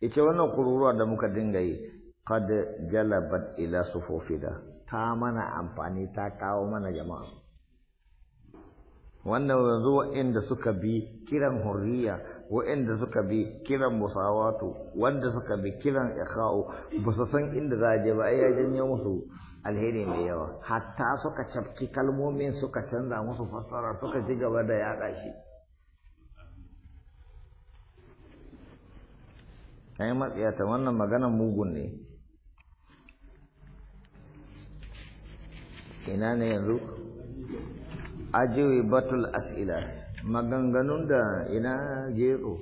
ita wannan da muka dinga yi qad jalabat ila sufufida ta mana amfani ta kawo mana jama'a wannan yanzu inda suka bi kiran hurriya inda suka bi kiran musawatu wanda suka bi kiran ikha'u ba su san inda za a je ba ya janyo musu alheri mai yawa hatta suka cafki kalmomin suka canza musu fassara suka ci gaba da yaɗa shi ai matsiyata wannan maganan mugun ne ina ne yanzu ajiwi batul as'ila maganganun da ina gero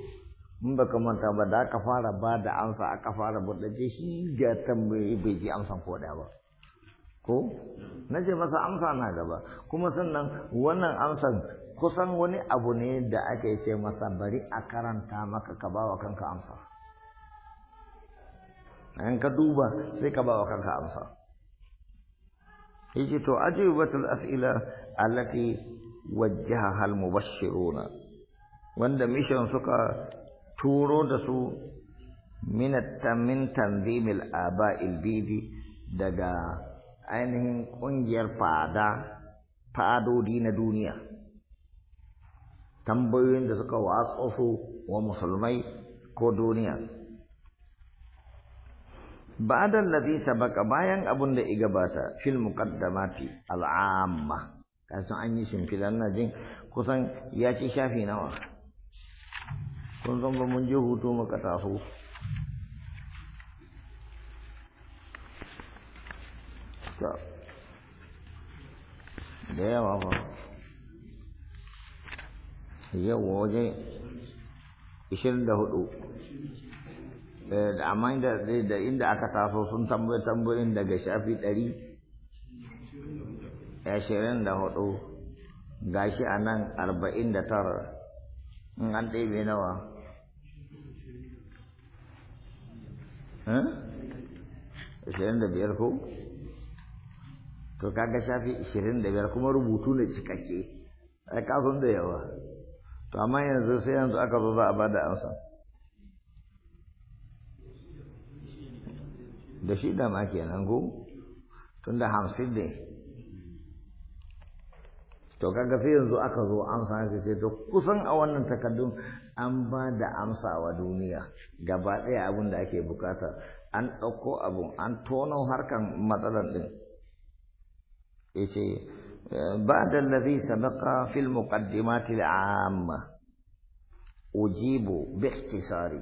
in baka manta ba da aka fara ba da amsa aka fara ce shi ga tambayi bai ji amsan ko ba ko na ce masa amsa na gaba kuma sannan wannan amsan kusan wani abu ne da ake ce masa bari a karanta maka ka bawa kanka amsa an ka duba sai ka ba wa kanka amsa yace to ajibatul as'ila allati wajjaha al mubashshiruna wanda mission suka turo da su min min tanzimil aba'il bibi daga ainihin kungiyar fada fadodi na duniya tambayoyin da suka watsa su wa musulmai ko duniya Ba'dal ladhi sabaka bayang abun da igabata fil muqaddamati al'amma. Kasu anyi simpilan na jing kusan ya shafi nawa. Kun hutu maka tafu. Ta. Da yawa fa. Eh, amma da inda aka taso sun tambayi tambayin daga shafi ɗari ashirin da hudu gashi a nan arba'in da tara in an ɗebe nawa eh? ashirin da biyar ko to kaga shafi ashirin da biyar kuma rubutu ne cikakke ai kafin da yawa to amma yanzu sai yanzu aka zo za a bada amsa da shi da ma kenan ko tun da hamsin ne to kaga sai yanzu aka zo amsa ka ce to kusan a wannan takaddun an ba da amsa wa duniya gaba ɗaya abin da ake bukata an ɗauko abun an tono harkan matsalar ɗin ya ce ba da lari sabaka fil muqaddimati al'amma ujibu bi ihtisari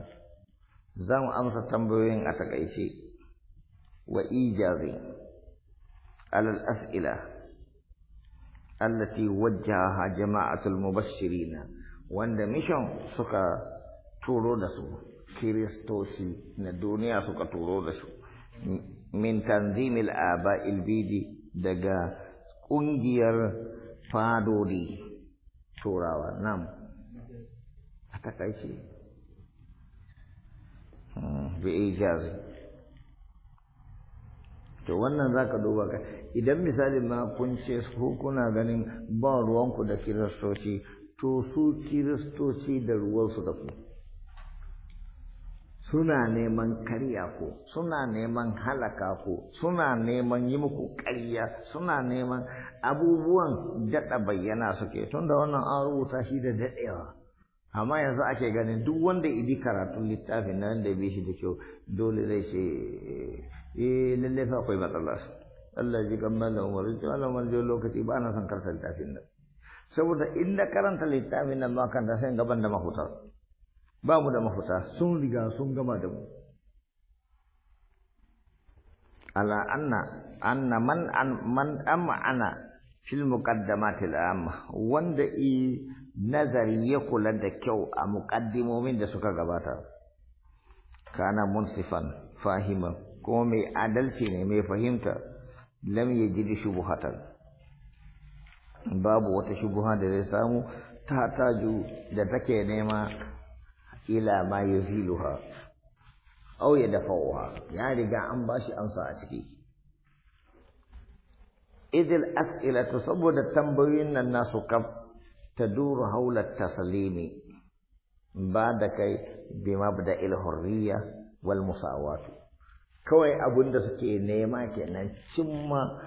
zan amsa tambayoyin a takaice وإيجازي على الأسئلة التي وجهها جماعة المبشرين وأن سكا تورودسو كريستوسي الدنيا سكا تورودسو من تنظيم الآباء البيدي دقا كونجير فادودي توراوا نعم أتكايشي بإيجازي to wannan za ka duba ka idan misali ma kun ce su kuna ganin ba ruwanku da kiristoci to su kiristoci da ruwansu da ku suna neman karya ku suna neman halaka ku suna neman yi muku karya suna neman abubuwan daɗa bayyana suke tun da wannan an rubuta shi da daɗewa amma yanzu ake ganin duk wanda idi karatun littafin nan da bi shi da kyau dole zai ce eh lalle fa akwai matsala Allah ji kan umaru ce ji mallan jiyo lokaci ba na san karanta littafin nan saboda inda karanta littafin nan ba kan da sai gaban da mafuta ba mu da mafuta sun riga sun gama da mu ala anna anna man an man amma ana fil muqaddamatil amma wanda i nazari ya kula da kyau a muqaddimomin da suka gabata kana munsifan fahiman kuma mai adalci ne mai fahimta lam yajid shubuhatan babu wata shubuha da zai samu ta taju da take nema ila ma yuziluha aw ya dafa'uha ya riga an bashi amsa a ciki idil as'ilatu saboda tambayoyin nan nasu kaf taduru haula taslimi ba da kai bima bada il hurriya wal musawatu kawai abin da suke nema kenan cimma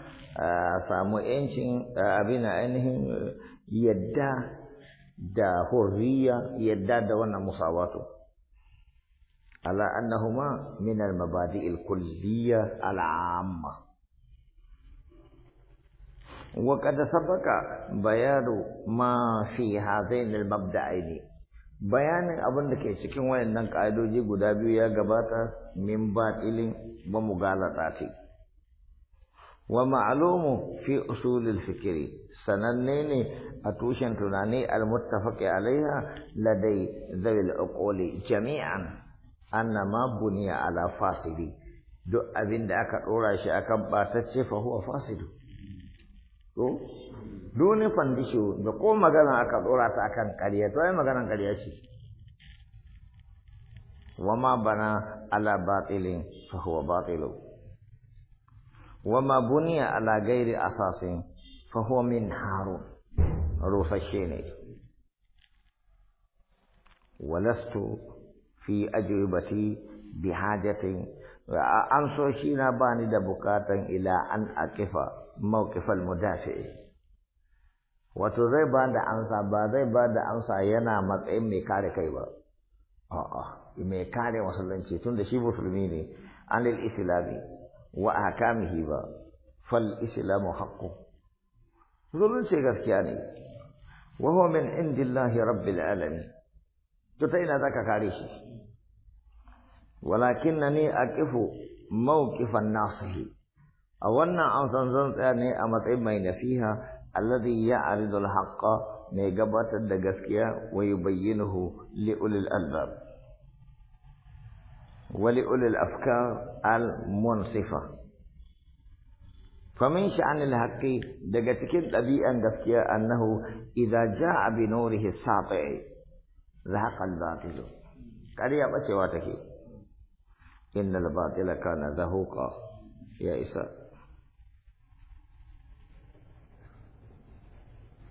samu yancin abin ainihin yadda da hurriya yadda da wannan musawatu ala annahuma min al-mabadi al-kulliyya al-amma وقد سبق بيان ما في هذين المبدأين bayanin abin da ke cikin wayannan ƙa'idoji guda biyu ya gabata min batilin ba mu galata ce wa ma'alumu fi usulil fikiri sananne ne a tushen tunani almuttafaqi alaiha ladai zawil uquli jami'an anna ma buniya ala fasidi duk abin da aka dora shi akan batacce fa huwa fasidu to duni fandisho da ko magana aka dora ta akan ƙarya to ai magana ƙarya ce wama bana ala batilin fa huwa batilu wama buniya ala ghairi asasin fa huwa min harun shi ne walastu fi ajribati bi hajatin an so shi na bani da bukatan ila an akifa mawqifal al mudafi wato zai ba da amsa ba zai ba da amsa yana matsayin mai kare kai ba a a mai kare musulunci tun da shi musulmi ne anil islami wa ahkamihi ba fal islamu haqqu musulunci gaskiya ne wa huwa min indillahi rabbil alamin to ta ina zaka kare shi walakinnani aqifu mawqifan nasihi a wannan amsan zan tsaya ne a matsayin mai nasiha الذي يعرض الحق ميغبات الدغسكيا ويبينه لأولي الألباب ولأولي الأفكار المنصفة فمن شأن الحق دغسكي الأبي أن أنه إذا جاء بنوره الساطع ذهق الباطل قال يا بسيواتك إن الباطل كان ذهوقا يا إسحاق